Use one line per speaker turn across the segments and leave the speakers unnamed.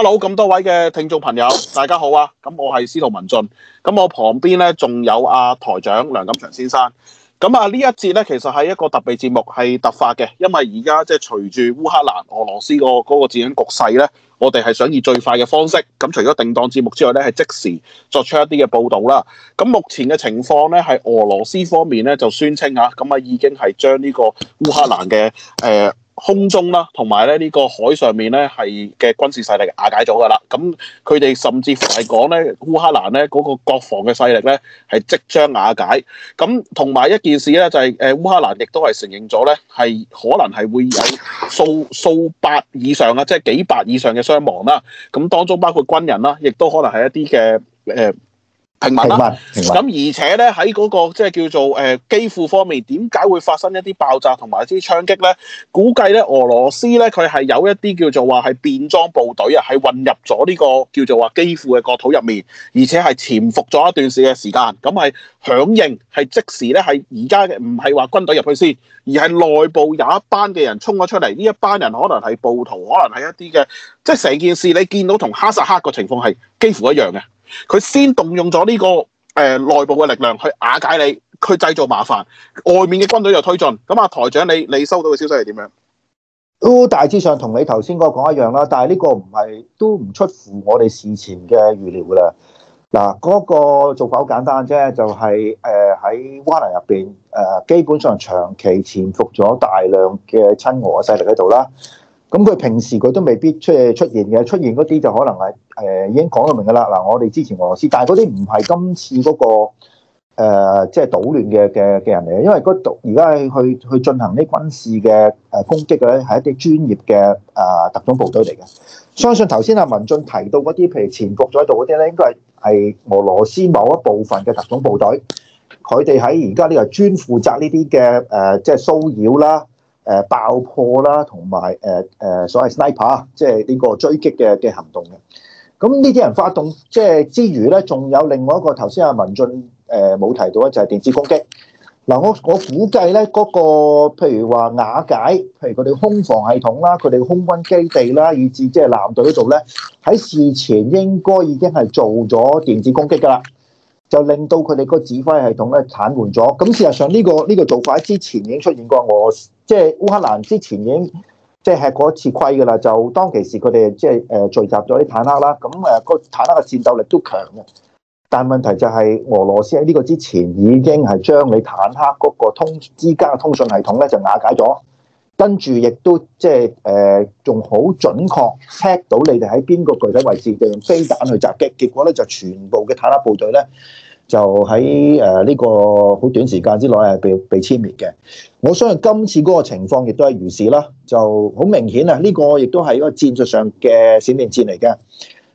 Hello，咁多位嘅聽眾朋友，大家好啊！咁我係司徒文進，咁我旁邊呢仲有阿、啊、台長梁錦祥先生。咁啊呢一節呢其實係一個特別節目，係突發嘅，因為而家即係隨住烏克蘭俄羅斯的個嗰個戰況局勢呢，我哋係想以最快嘅方式，咁除咗定檔節目之外呢，係即時作出一啲嘅報道啦。咁目前嘅情況呢，係俄羅斯方面呢就宣稱啊，咁啊已經係將呢個烏克蘭嘅誒。呃空中啦，同埋咧，呢個海上面咧係嘅軍事勢力瓦解咗噶啦。咁佢哋甚至乎係講咧烏克蘭咧嗰個國防嘅勢力咧係即將瓦解。咁同埋一件事咧就係誒烏克蘭亦都係承認咗咧係可能係會有數數百以上啊，即係幾百以上嘅傷亡啦。咁當中包括軍人啦，亦都可能係一啲嘅誒。呃平民咁、啊啊啊、而且咧喺嗰個即係、就是、叫做誒基輔方面，點解會發生一啲爆炸同埋一啲槍擊咧？估計咧俄羅斯咧佢係有一啲叫做話係變裝部隊啊，係混入咗呢個叫做話基輔嘅國土入面，而且係潛伏咗一段時嘅時間。咁係響應，係即時咧，係而家嘅唔係話軍隊入去先，而係內部有一班嘅人衝咗出嚟。呢一班人可能係暴徒，可能係一啲嘅，即係成件事你見到同哈薩克嘅情況係幾乎一樣嘅。佢先動用咗呢個誒內部嘅力量去瓦解你，去製造麻煩，外面嘅軍隊又推進。咁啊，台長你，你你收到嘅消息係點樣？
都大致上同你頭先嗰個講一樣啦，但係呢個唔係都唔出乎我哋事前嘅預料啦。嗱，嗰個做法好簡單啫，就係誒喺蛙人入邊誒，基本上長期潛伏咗大量嘅親俄勢力喺度啦。咁佢平時佢都未必出現嘅，出現嗰啲就可能係誒、呃、已經講到明㗎啦。嗱，我哋之前俄羅斯，但嗰啲唔係今次嗰、個誒即係搗亂嘅嘅嘅人嚟嘅，因為嗰度而家係去去進行呢軍事嘅攻擊嘅咧，係一啲專業嘅啊、呃、特種部隊嚟嘅。相信頭先阿文進提到嗰啲，譬如前國喺度嗰啲咧，應該係係俄羅斯某一部分嘅特種部隊，佢哋喺而家呢個專負責呢啲嘅誒即係騷擾啦。誒爆破啦，同埋誒誒所謂 Sniper，即係呢個追擊嘅嘅行動嘅。咁呢啲人發動即係、就是、之餘咧，仲有另外一個頭先阿文進誒冇提到咧，就係、是、電子攻擊嗱。我我估計咧，嗰、那個譬如話瓦解，譬如佢哋空防系統啦，佢哋空軍基地啦，以至即係艦隊嗰度咧，喺事前應該已經係做咗電子攻擊㗎啦，就令到佢哋個指揮系統咧癱瘓咗。咁事實上呢、這個呢、這個做法之前已經出現過，我。即係烏克蘭之前已經即係吃過一次虧嘅啦，就當其時佢哋即係誒聚集咗啲坦克啦，咁誒個坦克嘅戰鬥力都強嘅。但問題就係俄羅斯喺呢個之前已經係將你坦克嗰個通之間嘅通訊系統咧就瓦解咗，跟住亦都即係誒仲好準確 check 到你哋喺邊個具體位置，就用飛彈去襲擊，結果咧就全部嘅坦克部隊咧。就喺誒呢個好短時間之內係被被殲滅嘅。我相信今次嗰個情況亦都係如是啦。就好明顯啊！呢個亦都係一個戰術上嘅閃電戰嚟嘅，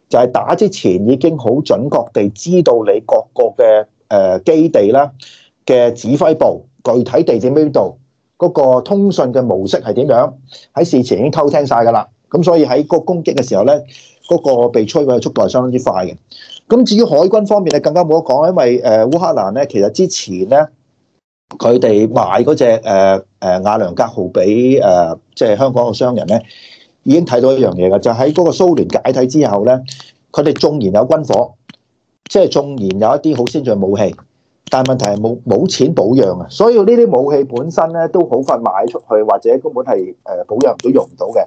就係打之前已經好準確地知道你各個嘅誒基地啦嘅指揮部、具體地點邊度、嗰個通訊嘅模式係點樣，喺事前已經偷聽晒㗎啦。咁所以喺個攻擊嘅時候咧，嗰個被摧毀嘅速度係相當之快嘅。咁至於海軍方面咧，更加冇得講，因為誒烏克蘭咧，其實之前咧，佢哋買嗰隻誒誒瓦良格號俾誒，即係香港嘅商人咧，已經睇到一樣嘢嘅，就喺嗰個蘇聯解體之後咧，佢哋縱然有軍火，即係縱然有一啲好先進武器，但係問題係冇冇錢保養啊，所以呢啲武器本身咧都好快賣出去，或者根本係誒保養都用唔到嘅。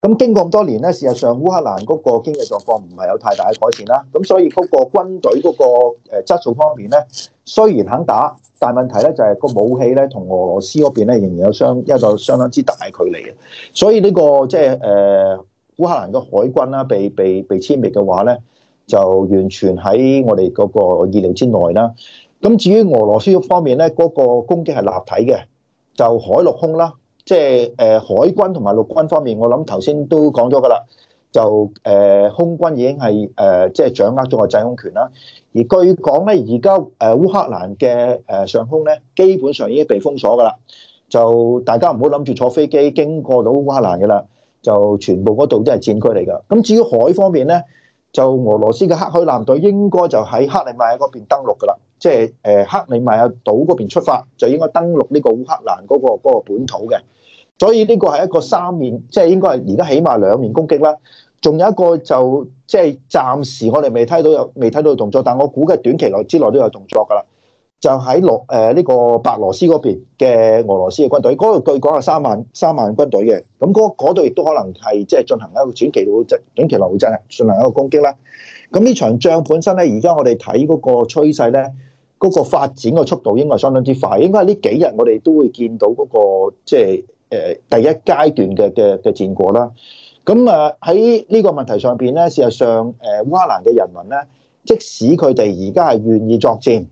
咁經過咁多年咧，事實上烏克蘭嗰個經濟狀況唔係有太大嘅改善啦。咁所以嗰個軍隊嗰個誒質素方面咧，雖然肯打，但問題咧就係個武器咧同俄羅斯嗰邊咧仍然有一相有一個相當之大嘅距離嘅。所以呢個即係誒，烏克蘭嘅海軍啦、啊，被被被殲滅嘅話咧，就完全喺我哋嗰個意料之內啦。咁至於俄羅斯嗰方面咧，嗰個攻擊係立體嘅，就海陸空啦。即係誒海軍同埋陸軍方面，我諗頭先都講咗噶啦，就誒空軍已經係誒即係掌握咗個制空權啦。而據講咧，而家誒烏克蘭嘅誒上空咧，基本上已經被封鎖噶啦，就大家唔好諗住坐飛機經過到烏克蘭噶啦，就全部嗰度都係戰區嚟㗎。咁至於海方面咧，就俄羅斯嘅黑海艦隊應該就喺克里米亞嗰邊登陸㗎啦。即係誒克里米亞島嗰邊出發，就應該登陸呢個烏克蘭嗰個本土嘅，所以呢個係一個三面，即係應該係而家起碼兩面攻擊啦。仲有一個就即係暫時我哋未睇到有未睇到動作，但我估計短期內之內都有動作㗎啦。就喺羅誒呢個白羅斯嗰邊嘅俄羅斯嘅軍隊，嗰度據講係三萬三萬軍隊嘅，咁嗰度亦都可能係即係進行一個短期內即短期內會進行進行一個攻擊啦。咁呢場仗本身咧，而家我哋睇嗰個趨勢咧。嗰個發展嘅速度應該係相當之快，應該係呢幾日我哋都會見到嗰個即係誒第一階段嘅嘅嘅戰果啦。咁啊喺呢個問題上邊咧，事實上誒烏克蘭嘅人民咧，即使佢哋而家係願意作戰，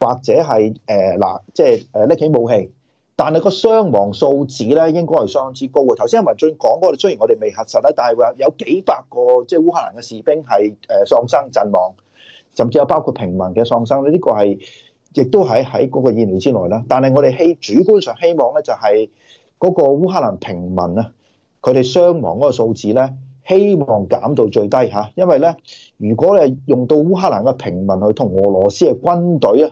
或者係誒嗱即係誒拎起武器，但係個傷亡數字咧應該係相當之高嘅。頭先阿文進講嗰個，雖然我哋未核實啦，但係話有幾百個即係烏克蘭嘅士兵係誒喪生陣亡。甚至有包括平民嘅喪生，呢、這個係亦都喺喺嗰個意料之內啦。但係我哋希主觀上希望咧，就係、是、嗰個烏克蘭平民啊，佢哋傷亡嗰個數字咧，希望減到最低嚇。因為咧，如果你用到烏克蘭嘅平民去同俄羅斯嘅軍隊啊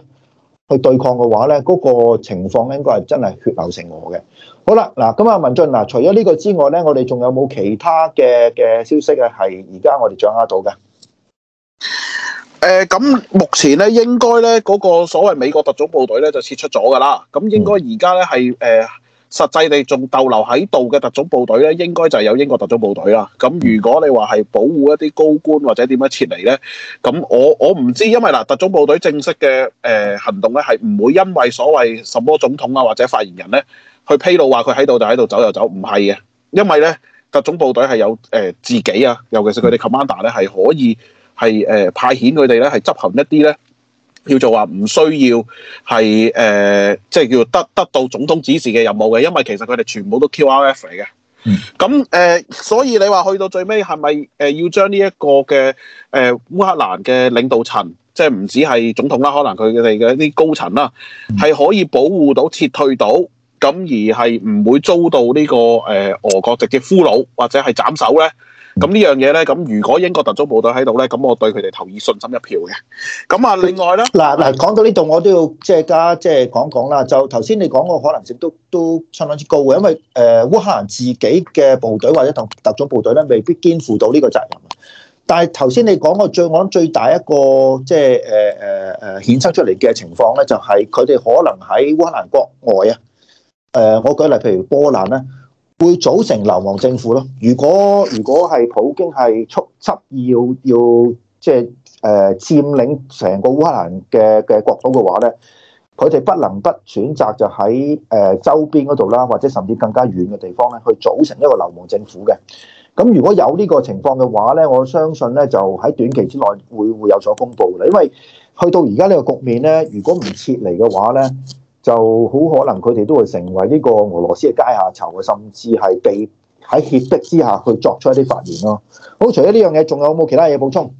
去對抗嘅話咧，嗰、那個情況應該係真係血流成河嘅。好啦，嗱咁啊，文進嗱，除咗呢個之外咧，我哋仲有冇其他嘅嘅消息啊？係而家我哋掌握到嘅。誒、呃，咁目前咧，應該咧
嗰、那個所謂美國特種部隊咧就撤出咗噶啦。咁應該而家咧係誒，實際地仲逗留喺度嘅特種部隊咧，應該就係有英國特種部隊啦。咁如果你話係保護一啲高官或者點樣撤離咧，咁我我唔知，因為嗱，特種部隊正式嘅誒、呃、行動咧係唔會因為所謂什麼總統啊或者發言人咧去披露話佢喺度就喺度走又走，唔係嘅，因為咧特種部隊係有誒、呃、自己啊，尤其是佢哋 commander 咧係可以。係誒、呃、派遣佢哋咧，係執行一啲咧，叫做話唔需要係誒，即、呃、係、就是、叫得得到總統指示嘅任務嘅，因為其實佢哋全部都 QRF 嚟嘅。咁、嗯、誒、呃，所以你話去到最尾係咪誒要將呢一個嘅誒、呃、烏克蘭嘅領導層，即係唔止係總統啦，可能佢哋嘅一啲高層啦，係、嗯、可以保護到撤退到，咁而係唔會遭到呢、這個誒、呃、俄國直接俘虜或者係斬首咧？咁呢樣嘢咧，咁如果英國特種部隊喺度咧，咁我對佢哋投以信心一票嘅。咁啊，另外咧，嗱嗱，講
到呢度，我都要即係加即係講講啦。就頭先你講個可能性都都相當之高嘅，因為誒、呃、烏克蘭自己嘅部隊或者同特種部隊咧，未必肩負到呢個責任。但係頭先你講個我諗最大一個即係誒誒誒衍生出嚟嘅情況咧，就係佢哋可能喺烏克蘭國外啊。誒、呃，我舉例譬如波蘭咧。會組成流亡政府咯。如果如果係普京係蓄意要要即係誒佔領成個烏克蘭嘅嘅國土嘅話咧，佢哋不能不選擇就喺誒、呃、周邊嗰度啦，或者甚至更加遠嘅地方咧，去組成一個流亡政府嘅。咁如果有呢個情況嘅話咧，我相信咧就喺短期之內會會有所公佈嘅。因為去到而家呢個局面咧，如果唔撤離嘅話咧，就好可能佢哋都會成為呢個俄羅斯嘅階下囚，甚至係被喺脅迫之下去作出一啲發言囉。好，除咗呢樣嘢，仲有冇其他嘢補充？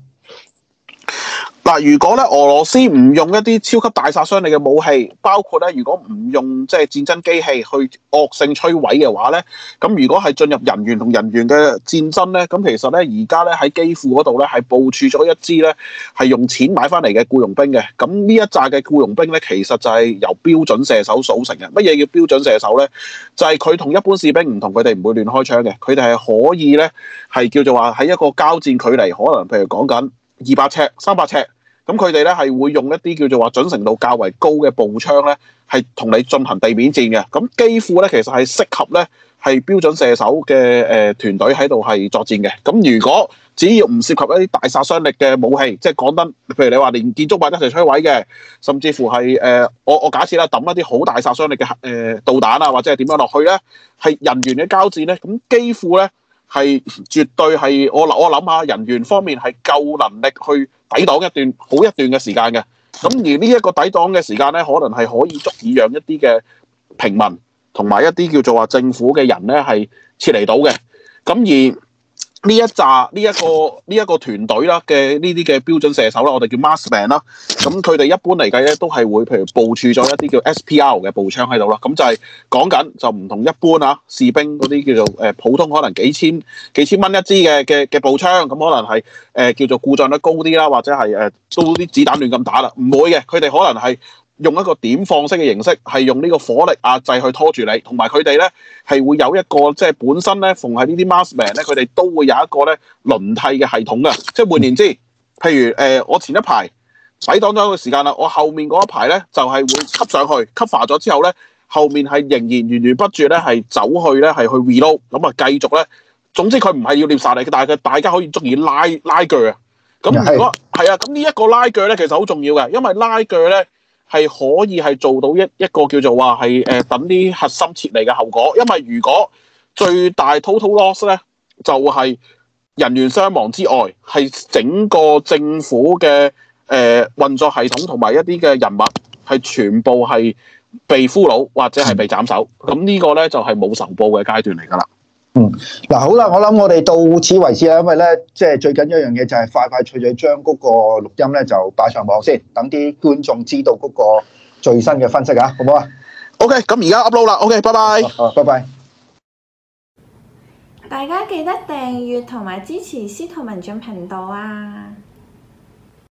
嗱，如果咧，俄羅斯唔用一啲超級大殺傷力嘅武器，包括咧，如果唔用即係、就是、戰爭機器去惡性摧毀嘅話咧，咁如果係進入人員同人員嘅戰爭咧，咁其實咧，而家咧喺基輔嗰度咧係部署咗一支咧係用錢買翻嚟嘅僱傭兵嘅，咁呢一紮嘅僱傭兵咧，其實就係由標準射手組成嘅。乜嘢叫標準射手咧？就係佢同一般士兵唔同，佢哋唔會亂開槍嘅，佢哋係可以咧係叫做話喺一個交戰距離，可能譬如講緊二百尺、三百尺。咁佢哋咧係會用一啲叫做話準繩度較為高嘅步槍咧，係同你進行地面戰嘅。咁機庫咧其實係適合咧係標準射手嘅誒、呃、團隊喺度係作戰嘅。咁如果只要唔涉及一啲大殺傷力嘅武器，即係講得譬如你話連建築物一齊摧毀嘅，甚至乎係誒、呃、我我假設啦抌一啲好大殺傷力嘅誒、呃、導彈啊，或者係點樣落去咧，係人員嘅交戰咧，咁機庫咧，係絕對係我我諗下人員方面係夠能力去抵擋一段好一段嘅時間嘅，咁而呢一個抵擋嘅時間呢，可能係可以足以讓一啲嘅平民同埋一啲叫做話政府嘅人呢係撤離到嘅，咁而。呢一紮呢一個呢一個團隊啦嘅呢啲嘅標準射手啦，我哋叫 marksman 啦。咁佢哋一般嚟計咧，都係會譬如部署咗一啲叫 SPR 嘅步槍喺度啦。咁就係講緊就唔同一般啊，士兵嗰啲叫做、呃、普通可能幾千幾千蚊一支嘅嘅嘅步槍，咁可能係、呃、叫做故障率高啲啦，或者係誒、呃、都啲子彈亂咁打啦。唔會嘅，佢哋可能係。用一個點放式嘅形式，係用呢個火力壓制去拖住你，同埋佢哋咧係會有一個即係本身咧，逢喺呢啲 maskman 咧，佢哋都會有一個咧輪替嘅系統嘅。即係換言之，譬如、呃、我前一排擺擋咗一個時間啦，我後面嗰一排咧就係、是、會吸上去吸化咗之後咧，後面係仍然源源不絕咧係走去咧係去 reload 咁啊，繼續咧。總之佢唔係要獵殺你嘅，但係佢大家可以中意拉拉鋸啊。咁如果係啊，咁呢一個拉鋸咧其實好重要嘅，因為拉鋸咧。係可以係做到一一個叫做話係誒等啲核心撤離嘅後果，因為如果最大 total loss 咧，就係人員傷亡之外，係整個政府嘅誒運作系統同埋一啲嘅人物係全部係被俘虜或者係被斬首，咁呢個咧就係冇仇報嘅階段嚟噶啦。
嗯，嗱好啦，我諗我哋到此為止啦，因為咧，即係最緊要一樣嘢就係快快脆脆將嗰個錄音咧就擺上網先，等啲觀眾知道嗰個最新嘅分析啊，好唔好啊？OK，咁而家 upload 啦，OK，拜拜，好，拜拜，大家記得訂閱同埋支持司徒文進
頻道啊。